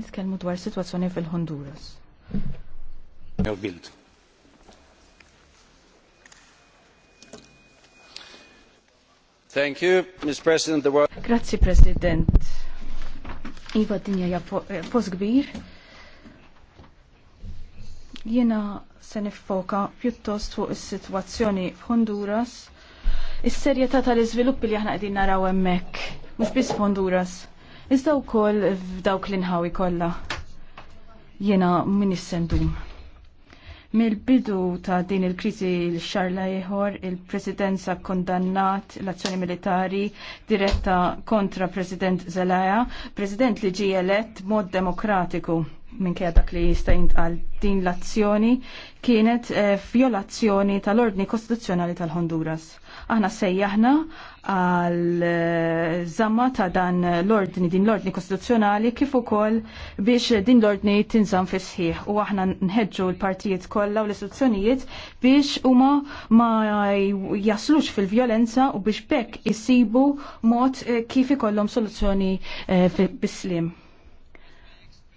nitkellmu dwar situazzjoni fil-Honduras. Thank you, Ms. President. The world... Grazie, President. Iva dinja ja fos eh, kbir. Jena se nifoka pjuttost fuq is-sitwazzjoni f'Honduras. Is-serjetà tal-iżviluppi li aħna qegħdin naraw hemmhekk, mhux biss f'Honduras iżda wkoll f'dawk l-inħawi kollha. Jiena min issendum. Mill-bidu ta' din il-kriżi l-xarla ieħor, il-Presidenza kondannat l-azzjoni militari diretta kontra President Zelaya, President li ġie elett mod demokratiku minkejja dak li jista' jintqal din l-azzjoni kienet eh, violazzjoni tal-ordni kostituzzjonali tal-Honduras. Aħna sejjaħna għal eh, zamma ta' dan l-ordni, din l-ordni kostituzzjonali kif ukoll biex din l-ordni tinżam fis sħiħ u aħna nħedġu l-partijiet kollha u l-istituzzjonijiet biex huma ma jaslux fil-vjolenza u biex bekk isibu mod eh, kif ikollhom soluzzjoni bis-slim.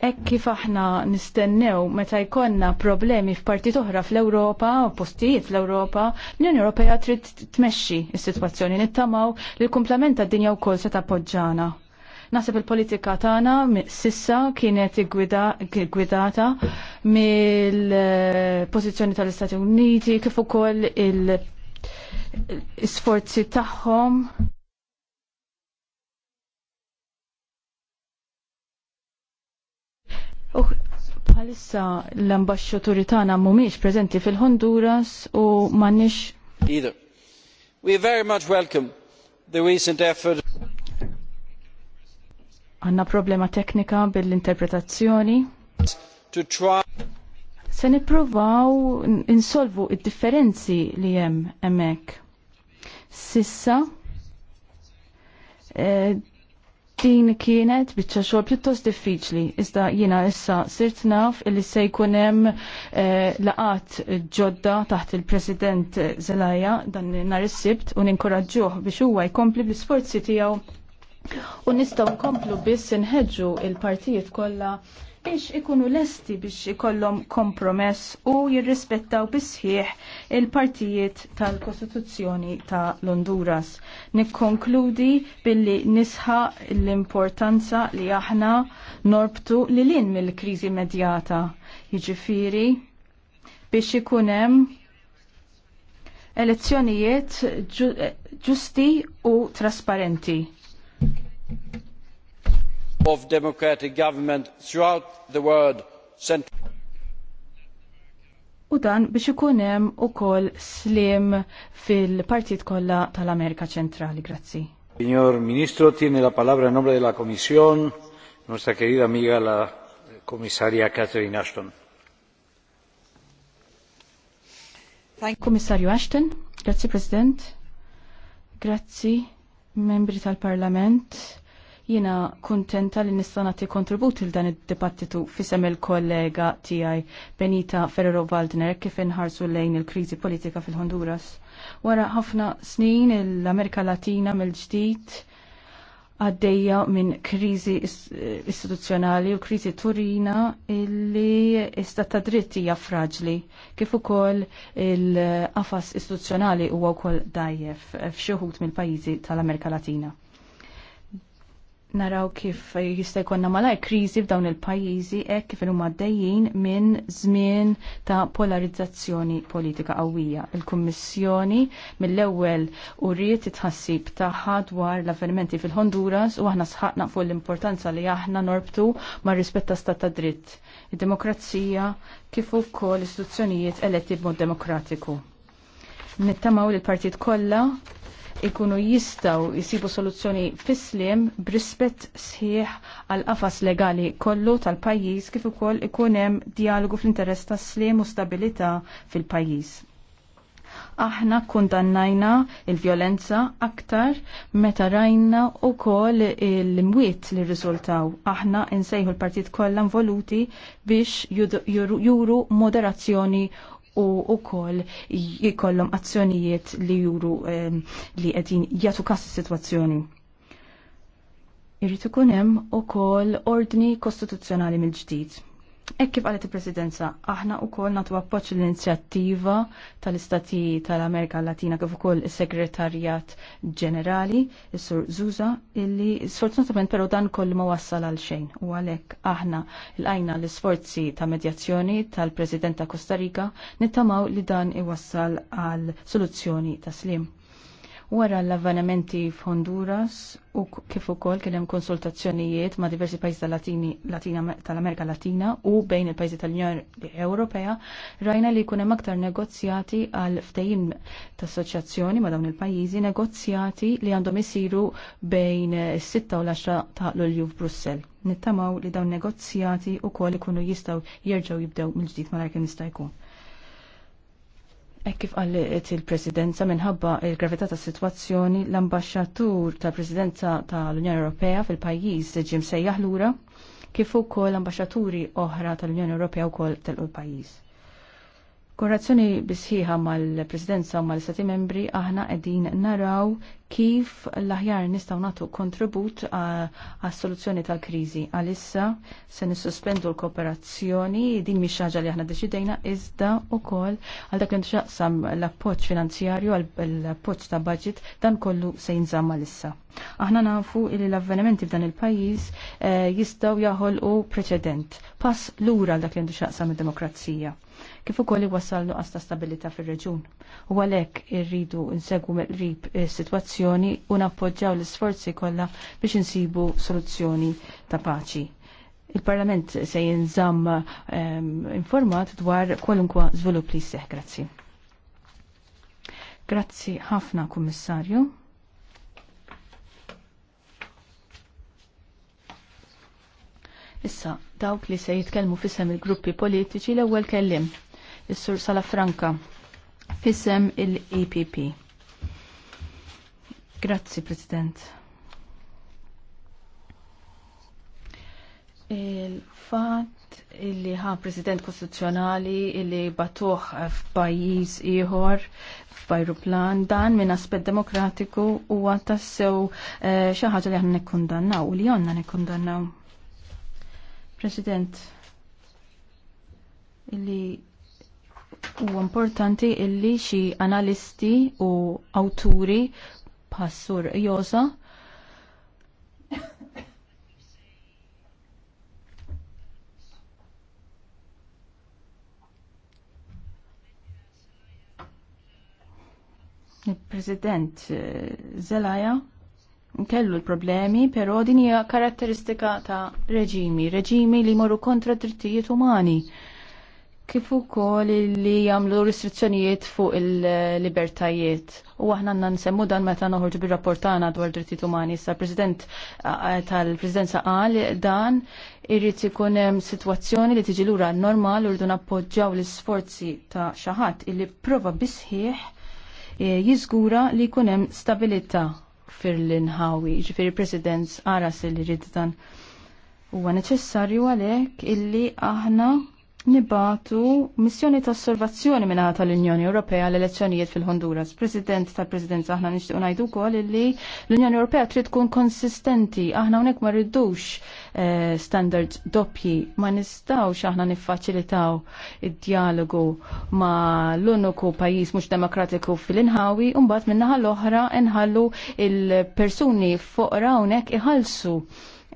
Ek kif aħna nistennew meta jkollna problemi f'partit oħra fl-Ewropa, postijiet fl-Ewropa, l-Unjoni Ewropea trid tmexxi s-sitwazzjoni nittamaw li l-kumplament tad-dinja wkoll se tappoġġana. Nasib il-politika tagħna sissa kienet gwidata mill-pożizzjoni tal-Istati Uniti kif ukoll il-sforzi tagħhom Palissa l-ambasċaturi tagħna mhumiex preżenti fil-Honduras u m'għandniex. Either. We very much welcome the recent effort. Għanna problema teknika bil-interpretazzjoni. To try se nipruvaw insolvu id-differenzi li jem emek. Sissa, eh, Din kienet biċċa xogħol pjuttost diffiċli, iżda jiena issa sirt naf illi se jkun hemm eh, laqat ġodda taħt il-President Zelaya dan nhar is-sibt u ninkoraġġuh biex huwa jkompli bl-isforzi tiegħu u nistgħu nkomplu biss inħeġġu il-partijiet kollha biex ikunu lesti biex ikollhom kompromess u jirrispettaw bisħieħ il-partijiet tal-Kostituzzjoni ta' Honduras. Nikkonkludi billi nisħa l-importanza li aħna norbtu li lin mill-kriżi medjata. Jiġifieri biex ikun hemm elezzjonijiet eh, ġusti u trasparenti of democratic government throughout the world U dan biex ikun hemm ukoll slim fil-partit kollha tal-Amerika Ċentrali. Grazzi. Signor Ministro, tiene la palabra in nombre della Commission, nostra querida amiga la commissaria Catherine Ashton. Thank Commissario Ashton, grazzi President, grazzi membri tal-Parlament Jina kontenta li nista' nagħti kontribut il dan id-dibattitu fisem il-kollega tiegħi Benita Ferrero Waldner kif inħarsu lejn il-kriżi politika fil-Honduras. Wara ħafna snin l-Amerika Latina mill-ġdid għaddeja minn krizi istituzzjonali u krizi turina illi istatta ta' dritti hija fraġli kif ukoll il-qafas istituzzjonali huwa wkoll dajjef f'xi mill-pajjiżi tal-Amerika Latina naraw kif jista' jkollna malaj kriżi f'dawn il-pajjiżi hekk kif huma għaddejjin minn żmien ta' polarizzazzjoni politika qawwija. Il-Kummissjoni mill-ewwel uriet tħassib tagħha dwar l-avvenimenti fil-Honduras u aħna sħaqna fuq l-importanza li aħna norbtu mar rispett ta' stat ta' dritt, id-demokrazija kif ukoll istituzzjonijiet eletti b'mod demokratiku. Nittamaw lill partit kollha ikunu jistaw jisibu soluzzjoni fislim brispet sħiħ għal qafas legali kollu tal-pajjiż kif ukoll ikun hemm dialogu fl-interess tas slim u stabilità fil-pajjiż. Aħna kundannajna il-vjolenza aktar meta rajna u kol il-mwiet li rizultaw. Aħna insejħu l-partit kollha involuti biex juru moderazzjoni u koll jkollhom azzjonijiet li juru eh, li għedin jagħtu kas situazzjoni. sitwazzjoni kunem ikun hemm ukoll ordni kostituzzjonali mill-ġdid Ek kif għalet il-presidenza, aħna u kol natu appoċ l-inizjattiva tal-istati tal-Amerika Latina kif u kol il-segretarjat ġenerali, il-sur Zuza, illi sfortunatament pero dan kol ma wassal għal xejn. U għalek aħna l-ajna l-sforzi ta' medjazzjoni tal-president ta' Costa Rica nittamaw li dan iwassal għal soluzzjoni ta' slim. Wara l-avvenimenti f'Honduras u kif ukoll kien hemm konsultazzjonijiet ma' diversi pajjiżi Latini, Latina tal-Amerika Latina u bejn il-pajjiżi tal-Unjoni Ewropea, rajna li jkun hemm aktar negozjati għal ftehim ta' assoċjazzjoni ma' dawn il-pajjiżi, negozjati li għandhom isiru bejn is-6 u l-10 ta' Lulju f'Brussell. Nittamaw li dawn negozjati u koll ikunu jistaw jerġgħu jibdew mill-ġdid malajr kien jista' jkun. Ek kif għalliet il-presidenza minħabba il-gravità ta' situazzjoni l ambasġatur tal-presidenza tal-Unjoni Ewropea fil-pajjiż ġim sejjaħ lura kif ukoll l-ambasġaturi oħra tal-Unjoni Ewropea wkoll tal-pajjiż. Korrazzjoni bisħiħa mal-Presidenza u mal-Stati membri aħna qegħdin naraw kif l-aħjar nistgħu nagħtu kontribut għas soluzzjoni tal-kriżi. Għalissa se nissuspendu l-kooperazzjoni, din mhix ħaġa li aħna deċidejna iżda wkoll għal dak li nxaqsam l-appoġġ finanzjarju għall-appoġġ ta' budget dan kollu se jinżamm għalissa. Aħna nafu li l-avvenimenti f'dan il-pajjiż eh, jistgħu jaħolqu preċedent. Pass lura għal dak li nxaqsam id-demokrazija kif ukoll iwassal nuqqas ta' stabilità fir-reġun. U għalhekk irridu nsegwu mill-qrib is-sitwazzjoni u nappoġġjaw l-isforzi kollha biex insibu soluzzjoni ta' paċi. Il-Parlament se jinżamm ehm, informat dwar kwalunkwa żvilupp li jseħ. Grazzi. Grazzi ħafna, Kummissarju. Issa, dawk li se jitkellmu fissem il-gruppi politiċi l-ewwel kellim. Is-Sur Salafranca fissem il-EPP. Grazzi, President. Il-fat illi ha President Kostituzzjonali illi batuħ f'pajjiż ieħor f'ajruplan dan minn aspett demokratiku huwa tassew eh, xi ħaġa li aħna nikkundannaw u li għandna nikkundannaw. President, illi u importanti illi xi analisti u awturi passur Josa il-President eh, Zelaya kellu l-problemi, però din hija karatteristika ta' reġimi, reġimi li moru kontra drittijiet umani. Kif ukoll li jagħmlu restrizzjonijiet fuq il-libertajiet. U aħna għandna nsemmu dan meta noħorġu bir-rapport tagħna dwar drittijiet umani. Sa president tal-Presidenza qal dan irrid ikun hemm sitwazzjoni li tiġi lura normal u rridu nappoġġjaw l-isforzi ta' xi ħadd illi prova bisħieħ e, jiżgura li jkun hemm stabilità fir l-inħawi, ġifiri għara s li ġiddan. dan. Huwa neċessarju għalhekk illi aħna nibatu missjoni ta' osservazzjoni minna tal-Unjoni Ewropea l-elezzjonijiet fil-Honduras. President tal-Presidenza aħna nixtiequ ngħidu wkoll li l-Unjoni Ewropea trid tkun konsistenti. Aħna hawnhekk ma rridux eh, standards doppji, ma nistgħux aħna niffaċilitaw id-dialogu ma l-uniku pajjiż mhux demokratiku fil-inħawi u mbagħad minnaħa l-oħra nħallu il-persuni fuq hawnhekk iħallsu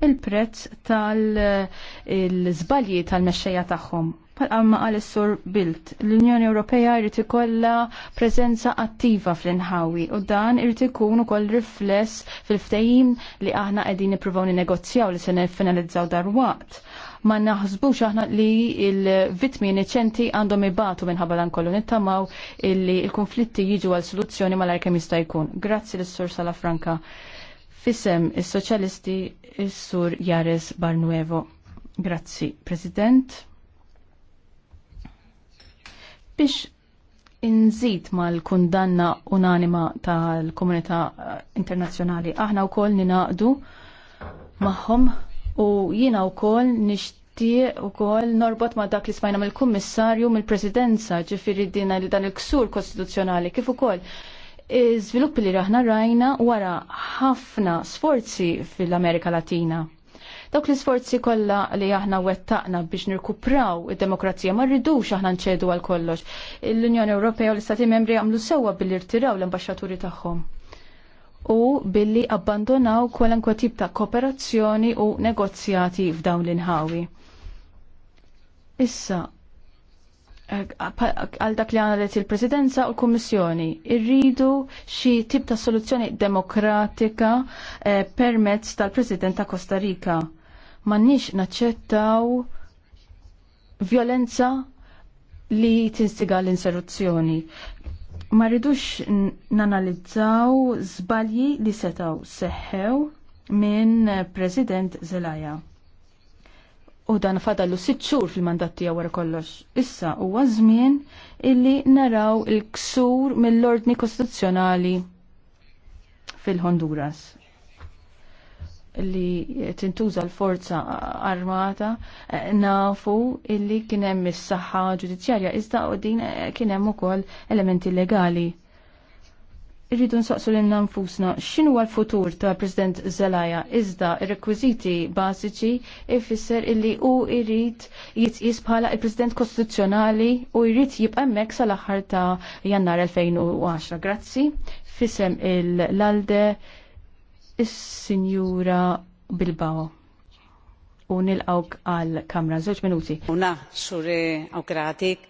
il-prezz tal-żbalji il prezz tal żbalji tal mexxejja tagħhom. Palqamma għal sur Bilt, l-Unjoni Ewropea jrid ikollha preżenza attiva fl-inħawi u dan irid ikun ukoll rifless fil-ftehim li aħna qegħdin nippruvaw ninegozjaw li se nifinalizzaw darwaqt ma naħsbux aħna li il-vitmi innoċenti għandhom ibatu minħabba dan kollu nittamaw illi il-konflitti jiġu għal soluzzjoni mal-arkem jista' jkun. Grazzi l-Sur Sala Franka. Fisem is-Soċjalisti il sur Jares Barnuevo. Grazzi, President. Biex inżid mal-kundanna unanima tal-komunità eh, internazzjonali, aħna wkoll ninaqdu magħhom u jiena wkoll nixtieq u ukoll norbot ma' dak li smajna mill-Kummissarju mill-Presidenza dina li dan il-ksur kostituzzjonali kif ukoll Iżviluppi li raħna rajna wara ħafna sforzi fil-Amerika Latina. Dawk l-isforzi kollha li aħna wettaqna biex nirkupraw id-demokrazija ma rridux aħna nċedu għal kollox. L-Unjoni Ewropea u l-Istati Membri għamlu sewwa billi rtiraw l-ambaxxaturi tagħhom u billi abbandonaw kwalankwa tip ta' kooperazzjoni u negozjati f'dawn l-inħawi. Issa, għal dak li għalet il-Presidenza u l-Kommissjoni irridu xi tip ta' soluzzjoni demokratika eh, permezz tal-President ta' Costa Rica. Mannix naċċettaw violenza li tinstiga l-inseruzzjoni. Ma rridux nanalizzaw zbalji li setaw seħħew minn President Zelaya. U dan fadallu sitt xhur fil-mandat tiegħu wara kollox. Issa huwa żmien illi naraw il-ksur mill-ordni kostituzzjonali fil-Honduras li tintuża l-forza armata eh, nafu illi kien hemm is-saħħa ġudizzjarja iżda din eh, kien hemm ukoll elementi legali Irridu nsaqsu lil nfusna xinu l-futur ta' President Zelaya iżda r-rekwiżiti bażiċi ifisser illi hu jrid jitqies bħala il-President Kostituzzjonali u jrid jibqa' hemmhekk sal-aħħar ta' Jannar 2010. Grazzi. Fisem il-Lalde is-Sinjura Bilbao u nilqawk għal kamra żewġ minuti. Una xure awkratik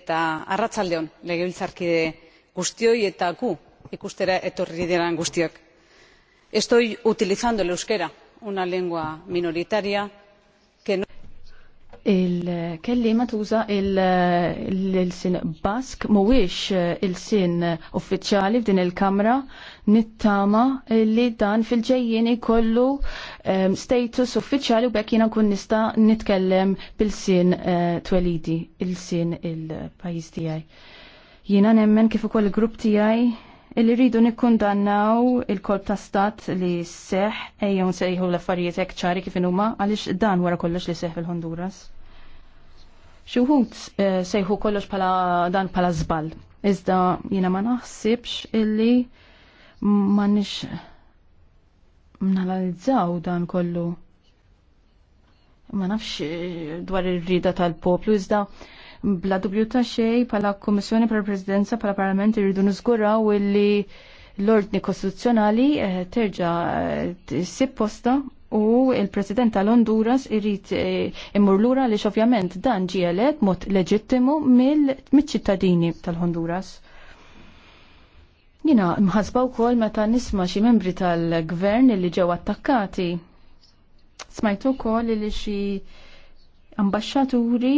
eta arratzaldeon legebiltzarkide guztioi eta gu ikustera etorri diren guztiak. Estoy utilizando el euskera, una lengua minoritaria que no il-kellima tuża il-sin bask mhuwiex eh, il-sin uffiċjali f'din il-kamra nittama li dan fil-ġejjien ikollu eh, status uffiċjali u bekk jiena nkun nista' nitkellem bil-sin eh, twelidi il-sin il-pajjiż tiegħi. Jiena nemmen kif ukoll il-grupp tiegħi li rridu nikkundannaw il-kolb ta' stat li seħ ejjew sejħu l-affarijiet hekk ċari kif huma għaliex dan wara kollox li seħ fil-Honduras. Xuħut eh, sejħu kollox pala dan pala żball. Iżda jiena ma naħsibx illi ma nix dan kollu. Ma nafx eh, dwar ir-rida tal-poplu iżda Bla dubju ta' xej pala Komissjoni pala Presidenza pala Parlament irridu u li l-ordni kostituzzjonali eh, terġa eh, sib posta u il-President tal-Honduras irrit eh, immur lura li xovjament dan ġie elett mod leġittimu mill-ċittadini tal-Honduras. Jina, mħasba u kol meta nisma xi membri tal-gvern li ġew attakkati. Smajtu kol li xi ambasċaturi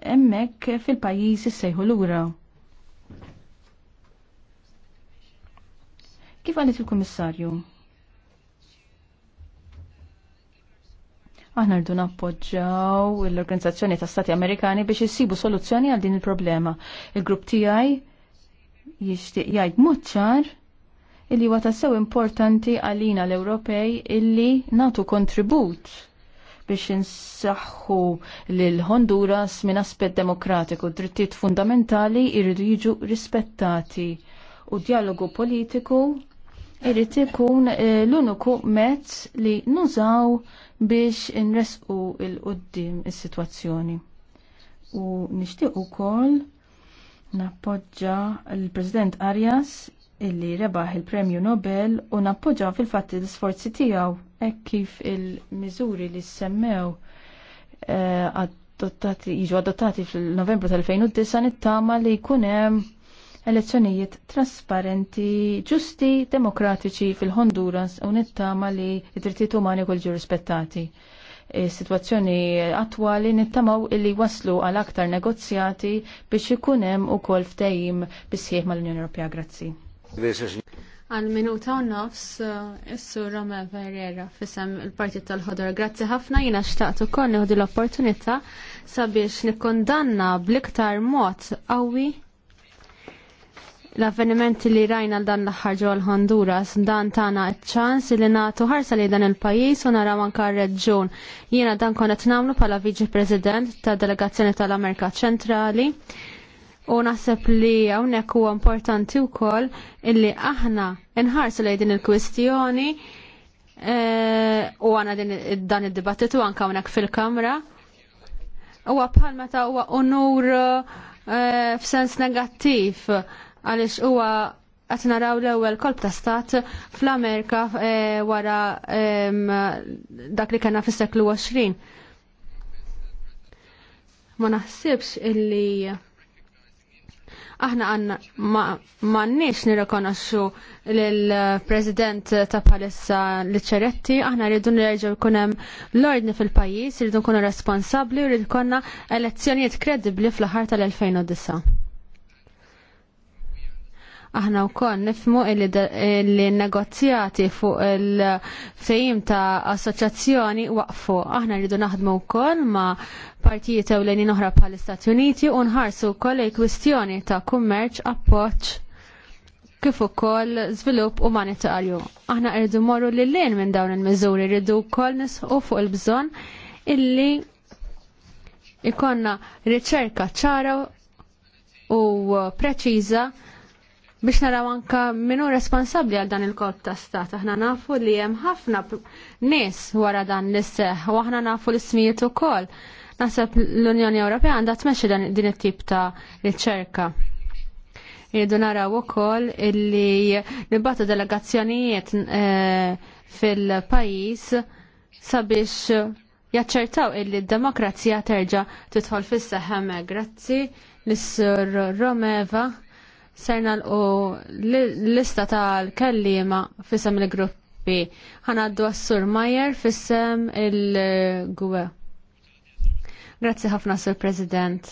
emmek fil-pajis sejħu l-ura. Kif għalit il-Komissarju? Aħna rdu nappoġġaw l-Organizzazzjoni ta' Stati Amerikani biex issibu soluzzjoni għal din il-problema. Il-grupp tiegħi jixtieq jgħid mod ċar illi huwa tassew importanti għalina l-Ewropej illi natu kontribut biex insaħħu lil Honduras minn aspett demokratiku. Drittijiet fundamentali jridu jiġu rispettati u dialogu politiku jrid ikun eh, l-uniku mezz li nużaw biex inresqu il-qoddim is-sitwazzjoni. U nixtieq ukoll nappoġġa l-President Arias illi rebaħ il-Premju Nobel u nappoġġa fil-fatt l-isforzi tiegħu hekk kif il-miżuri li semmew eh, adottati, jiġu adottati fil-Novembru tal-2009 nittama li jkun hemm elezzjonijiet trasparenti, ġusti, demokratiċi fil-Honduras u nittama li id-drittijiet umani kol ġu rispettati. Situazzjoni attwali nittamaw illi waslu għal aktar negozjati biex ikun hemm ukoll ftehim bisħieħ mal-Unjoni Ewropea. Grazzi għal minuta u nofs eh, issu Rome Verriera fisem il-partit tal-ħodor. Grazzi ħafna jina xtaqt u koll nħodi l-opportunita sabiex nikkondanna bliktar mod qawwi l-avvenimenti li rajna l dan l-ħarġu għal-Honduras dan tana ċans li natu ħarsa li dan il-pajis u nara manka reġun. Jiena dan konet namlu pala viġi prezident ta' delegazzjoni tal-Amerika ċentrali U naħseb li hawnhekk huwa importanti wkoll illi aħna nħarsu lejn din il-kwistjoni eh, u għana dan id-dibattitu anka hawnhekk fil-kamra. Huwa bħal meta huwa unur eh, f'sens negattiv għaliex huwa qed naraw l-ewwel kolb ta' stat fl-Amerika eh, wara dak li kellna fis-seklu 20. Ma naħsibx illi Aħna għanna mannix nirrekonoxxu l-President ta' palissa Liċeretti, aħna rridu nerġgħu jkun hemm l-ordni fil-pajjiż, rridu nkunu responsabbli u rridu konna elezzjonijiet kredibbli fl-aħħar tal-2009. Aħna wkoll nifmu li negozjati fuq il-fejim ta' assoċjazzjoni waqfu. Aħna rridu naħdmu wkoll ma' partijiet ewlenin oħra pal istati Uniti u nħarsu wkoll il-kwistjoni ta' kummerċ appoġġ kif ukoll żvilupp umanitarju. Aħna rridu morru lil lejn minn dawn il-miżuri rridu wkoll nisħu fuq il-bżonn illi ikonna riċerka ċara u preċiża biex naraw anka minu responsabli għal dan il-kolb ta' stat. Aħna nafu li hemm ħafna nies wara dan l-isseħ u aħna nafu l-ismijiet ukoll. Naħseb l-Unjoni Ewropea għandha tmexxi din it-tip ta' riċerka. Irridu naraw ukoll illi nibbatu delegazzjonijiet eh, fil-pajjiż sabiex jaċċertaw illi d-demokrazija terġa' tidħol fis-seħħa Grazzi l-Sur Romeva serna l lista tal-kellima fissem il-gruppi. Għanaddu għassur Majer fissem il-gwe. Grazzi ħafna, Sur President.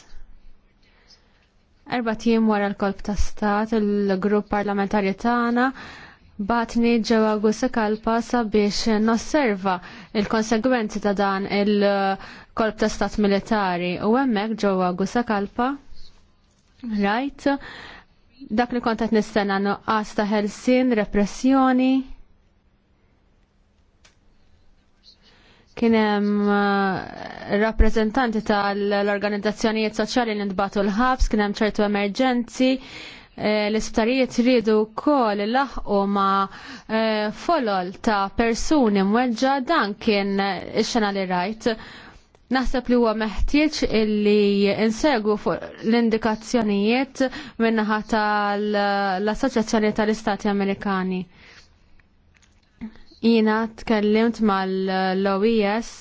Erba tim wara l-kolb ta' stat, il-grupp parlamentari tagħna batni ġewwa Gusa Kalpa sabiex nosserva il-konsegwenzi ta' dan il-kolb ta' stat militari u hemmhekk ġewwa Gusa Kalpa rajt right dak li kont qed nistenna nuqqas ta' ħelsien, repressjoni. Kien hemm eh, rappreżentanti tal-organizzazzjonijiet soċjali li ntbatu l-ħabs, kien hemm ċertu emerġenzi, eh, l-isptarijiet ridu wkoll laħqu ma eh, folol ta' persuni mweġġa dan kien ix-xena li rajt Naħseb li huwa meħtieġ illi insegwu fuq l-indikazzjonijiet minnaħa tal-Assoċjazzjoni tal-Istati Amerikani. Jina tkellimt mal-OES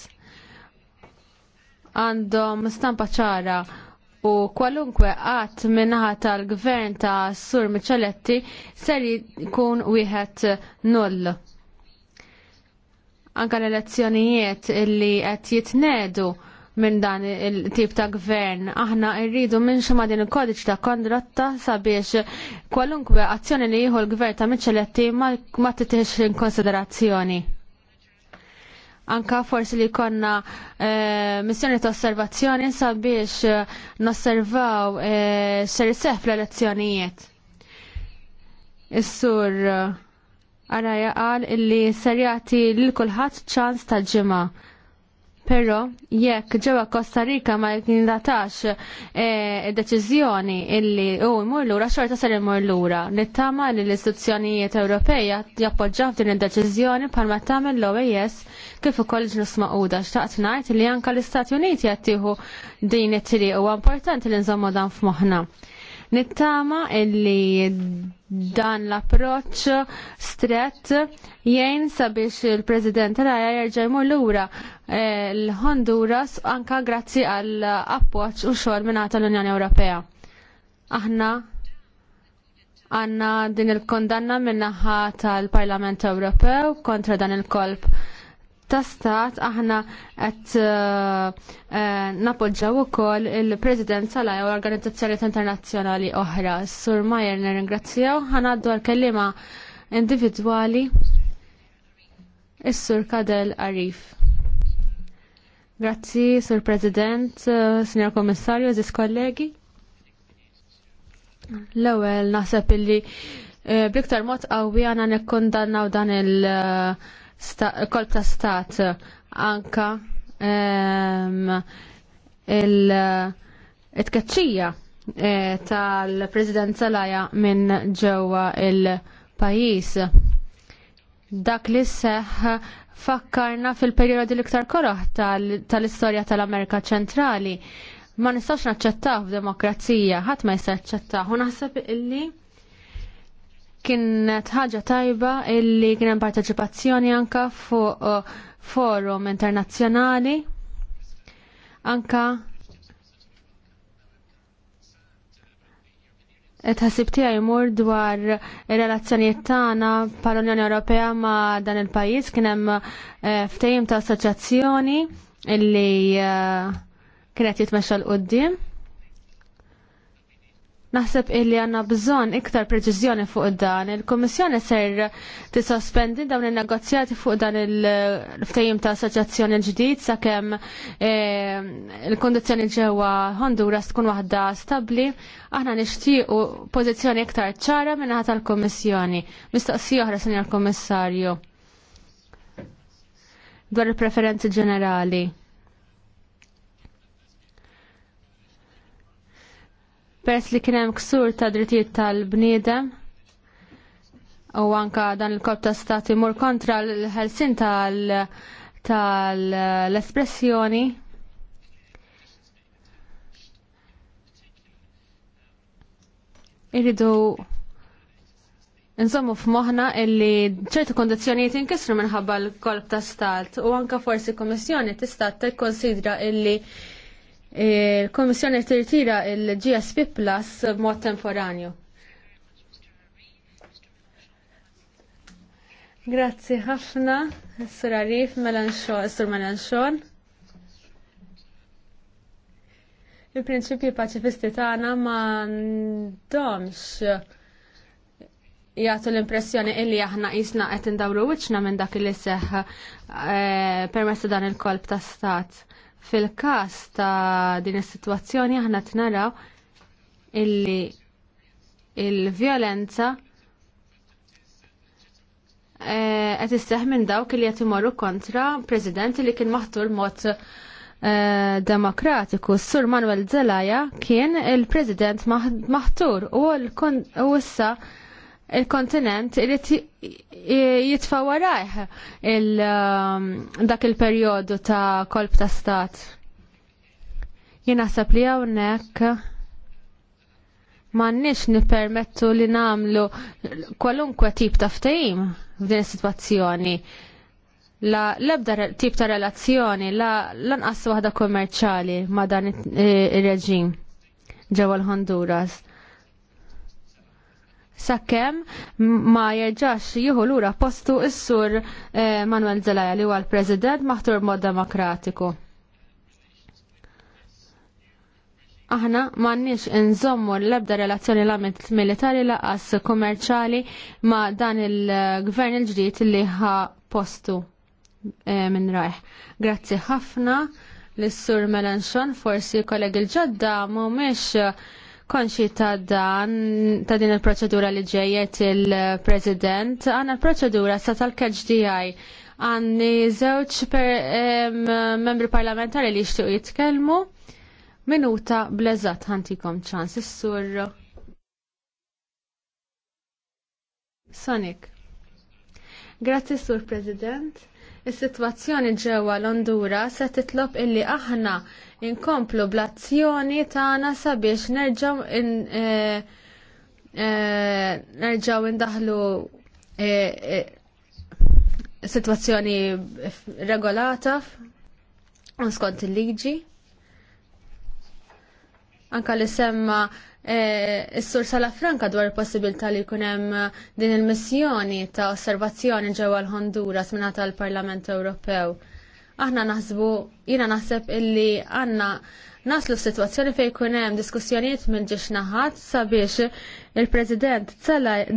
għandhom stampa ċara u kwalunkwe għat minnaħa tal-gvern ta' Sur Micheletti ser jkun wieħed null anka l-elezzjonijiet illi qed jitnedu minn dan il-tip ta' gvern. Aħna rridu minn xi ma' din il-kodiċ ta' kondratta sabiex kwalunkwe azzjoni li jieħu l-gvern ta' miċċeletti ma titiex in konsiderazzjoni. Anka forsi li konna eh, missjoni ta' osservazzjoni sabiex eh, nosservaw e, xer seħ fl-elezzjonijiet. Is-sur Araja qal illi serjati lil kulħadd ċans ta' ġimgħa Però jekk ġewwa Costa Rica ma jindatax eh, deċiżjoni illi hu jmur lura xorta ser imur lura. Nittama li l-istituzzjonijiet Ewropeja jappoġġaw din id-deċiżjoni bħalma tagħmel l-OAS e kif ukoll ġnus maquda xtaqt ngħid li anke l-Istati Uniti qed tieħu din it-triq huwa importanti li nżommu dan f'moħħna. Nittama illi dan l-approċ stret jien sabiex il-President Raja jerġa' jmur lura eh, l-Honduras anka grazzi għall appoġġ u xogħol minnata l-Unjoni Ewropea. Aħna għanna din il-kondanna minnaħa tal-Parlament Ewropew kontra dan il-kolb ta' stat aħna qed eh, eh, napoġġaw ukoll il-President Salaj għaj u organizzazzjoni internazzjonali oħra. Sur Majer nirringrazzjaw ħanaddu għal-kellima individwali is-Sur Kadel Arif. Grazzi, Sur President, eh, Signor Kommissarju, Ziz kollegi. L-ewwel naħseb illi bliktar mod qawwi għana nekkondannaw dan il- kolb ta' stat anka il-tkaċċija eh, tal-President Salaja minn ġewwa il-pajjiż. Dak li seħ fakkarna fil-perjodi l-iktar koroħ tal-istorja tal-Amerika ċentrali. Ma nistax naċċettaw f'demokrazija, ħadd ma jista' jaċċettaw. U naħseb illi Kienet ħaġa tajba illi kien hemm parteċipazzjoni anka fuq uh, forum internazzjonali anka tħassib tiegħi jmur dwar ir-relazzjonijiet tagħna bħall-Unjoni Ewropea ma' dan il-pajjiż kien hemm uh, ftehim ta' assoċjazzjoni illi uh, kienet jitmexxa l qudiem Naħseb illi għanna bżon iktar preċizjoni fuq dan. Il-Komissjoni ser t-sospendi dawn il-negozjati fuq dan il-ftajim ta' assoċjazzjoni ġdid sakemm eh, il kondizjoni ġewwa Honduras tkun waħda stabli. Aħna nixtiequ pożizzjoni iktar ċara minnaħa tal-Komissjoni. Mistoqsija oħra, senjor Kommissarju dwar il-preferenzi ġenerali. Pers li kien hemm ksur ta' drittijiet tal-bniedem u anka dan il-korp ta' stati mur kontra l-ħelsin tal-espressjoni Iridu irridu Nżommu f'moħna illi ċertu kondizjonijiet inkisru minħabba l-kolb ta' stat u anka forsi kommissjoni tista' tikkonsidra illi Il-Komissjoni tirtira il-GSP Plus b'mod temporanju. Grazzi ħafna, Sur Arif, Sur Melanxon. il prinċipju paċifisti tagħna ma domx jgħatu l-impressjoni illi aħna jisna qed indawru wiċċna minn dak li seħ eh, permessi dan il-kolb ta' stat. Fil-każ ta' din is-sitwazzjoni aħna tnaraw illi il-vjolenza eh, qed isseħ minn dawk li qed imorru kontra President li kien maħtur mod eh, demokratiku. Sur Manuel Zelaya kien il-President maħtur u issa il-kontinent irid jitfa il um, dak il-perjodu ta' kolb ta' stat. Jien naħseb li hawnhekk m'għandniex nippermettu li nagħmlu kwalunkwe tip ta' ftehim f'din is-sitwazzjoni. La l-ebda tip ta' relazzjoni la lanqas waħda kommerċali ma' dan ir-reġim ġewwa l-Honduras sakemm ma jerġax jieħu lura postu s-sur eh, Manuel Zelaya li huwa l-President maħtur mod demokratiku. aħna m'għandniex inżommu l-ebda relazzjoni l-għamit militari laqas kummerċali ma dan il-gvern il-ġdid li ħa postu eh, minn rajħ. Grazzi ħafna l-sur Melanchon, forsi kollegi l-ġodda mumiex Konxi ta' dan, ta' din il-proċedura li ġejjet il-President, għanna l-proċedura sa' tal-KHDI għanni zewċ per membri parlamentari li xtuq jitkelmu minuta blezzat ħantikom ċans s sur Sonic. Grazie, Sur President. Is-sitwazzjoni ġewwa l-Ondura se titlob illi aħna inkomplu bl-azzjoni tagħna sabiex nerġgħu eh, eh, nerġgħu indaħlu eh, sitwazzjoni regolata skont il-liġi. Anka li semma Eh, is-sur Sala Franka dwar il-possibilità li jkun hemm eh, din il-missjoni ta' osservazzjoni ġewwa l-Honduras minn tal-Parlament Ewropew. Aħna naħsbu, jiena naħseb illi għandna naslu f'sitwazzjoni fejn jkun hemm diskussjonijiet minn ġiex naħat sabiex il-President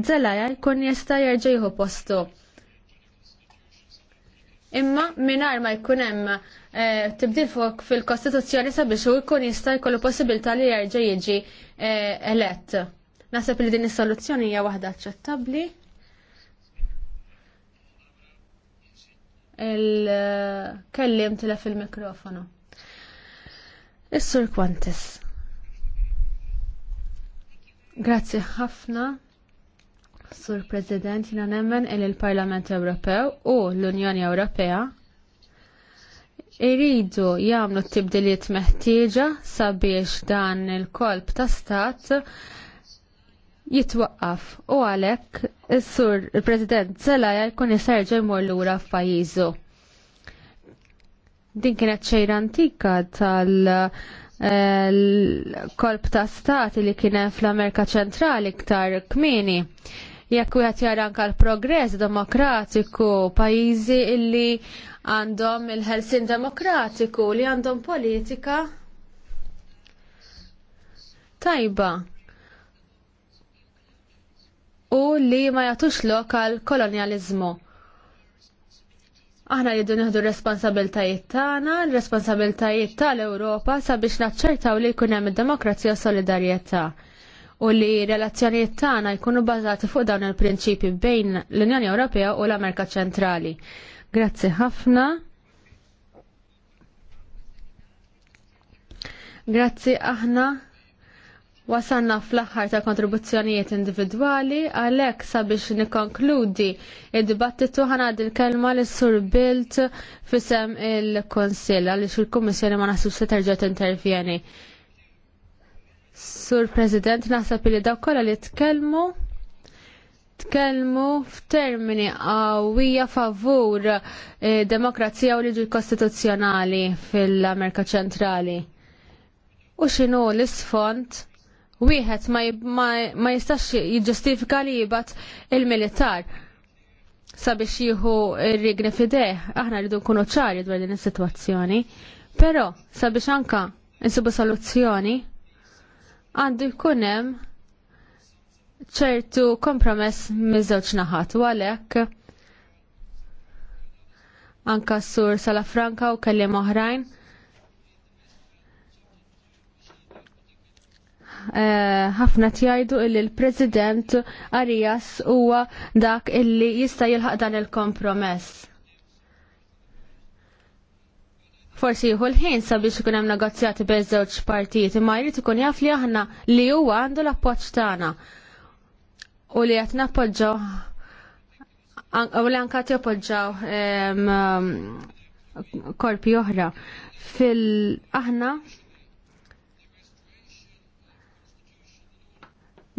Zelaya jkun jista' jerġa' jieħu postu imma minar ma jkun hemm eh, tibdil fuq fil-Kostituzzjoni sabiex u jkun jista' jkollu possibilità li jerġa' jiġi eh, elett. Naħseb li din is-soluzzjoni hija waħda aċċettabbli. Il-kellim tila fil mikrofono Is-Sur Kwantis. Grazzi ħafna. Sur President, jina nemmen il-Parlament Ewropew u l-Unjoni Ewropea iridu jagħmlu t-tibdiliet meħtieġa sabiex dan il-kolb ta' stat jitwaqqaf u għalhekk sur il-President Zelaja jkun jiserġa' jmur lura f'pajjiżu. Din kienet xejra antika tal-kolb eh, ta' stat li kien hemm fl-Amerika Ċentrali iktar kmieni jekk wieħed jara anke l-progress demokratiku pajjiżi illi għandhom il-ħelsin demokratiku li għandhom politika tajba u li ma jagħtux lok għal kolonjaliżmu. Aħna li nieħdu r-responsabiltajiet tagħna, responsabiltajiet tal-Ewropa sabiex naċċertaw li jkun hemm id-demokrazija u solidarjetà u li relazzjonijiet tagħna jkunu bbażati fuq dawn il-prinċipji bejn l-Unjoni Ewropea u l-Amerika Ċentrali. Grazzi ħafna. Grazzi aħna wasanna fl-aħħar ta' kontribuzzjonijiet individwali għalhekk sabiex nikkonkludi id-dibattitu ħanad il-kelma l sur Bilt fisem il-Konsil għaliex il-Kummissjoni ma naħsibx se terġa' intervjeni. Sur President, naħseb li daw kolla li tkellmu tkellmu f'termini qawwija favur eh, demokrazija u liġi kostituzzjonali fil-Amerika Ċentrali. U x'inhu l-isfond wieħed ma, jistax jiġġustifika li jibat il-militar sabiex jieħu r-rigni fideħ, aħna rridu nkunu ċari dwar din is-sitwazzjoni, però sabiex anka insibu soluzzjoni għandu jkun hemm ċertu kompromess miż-żewġ naħat u għalhekk anka s-sur Salafranka u kelliem oħrajn. Eh, ħafna uh, tjajdu illi l-President Arias huwa dak illi jista' jilħaq dan il-kompromess forsi jieħu l-ħin sabiex ikun hemm negozjati bejn żewġ partijiet, imma jrid ikun jaf li aħna li huwa għandu l-appoġġ tagħna u li qed nappoġġaw u li anke jappoġġaw korpi oħra fil-aħna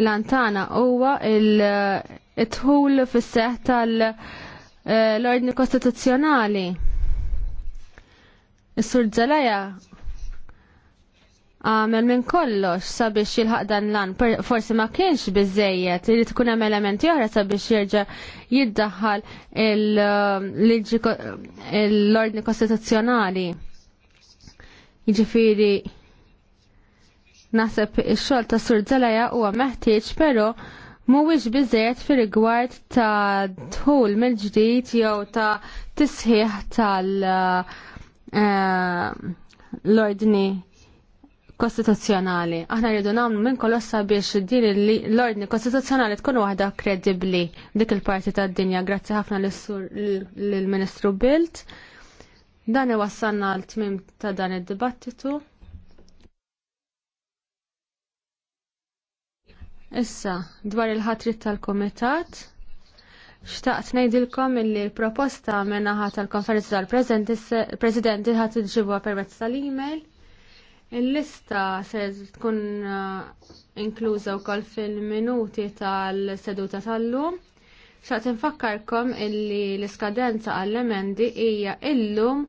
l-antana huwa il-tħul fis-seħ tal-ordni eh, kostituzzjonali. Is-Sur Zalaja għamel minn kollox sabiex jilħaq dan lan, forsi ma kienx bizzejiet, li tkun hemm elementi oħra sabiex jerġa' jiddaħħal um, l-ordni kostituzzjonali. Jiġifieri naħseb ix-xogħol ta' Sur Zalaja huwa meħtieġ pero mhuwiex biżejjed fi rigward ta' dħul mill-ġdid jew ta' tisħiħ tal- uh, Eh, l-ordni kostituzzjonali. Aħna rridu nagħmlu minn kolossa biex din l-ordni kostituzzjonali tkun waħda kredibbli dik il-parti tad-dinja. Grazzi ħafna lill-Ministru Bilt. Dan iwassalna l tmim ta' dan id-dibattitu. Issa, dwar il-ħatrit tal-komitat, Xtaqt ngħidilkom illi l-proposta men-naħa tal-konferenza tal-Presidenti ħadd iġibwa permezz tal-email. Il-lista se tkun uh, inkluża wkoll fil-minuti tal-seduta tal-lum. Xtaqt infakkarkom illi l-iskadenza għall-emendi hija illum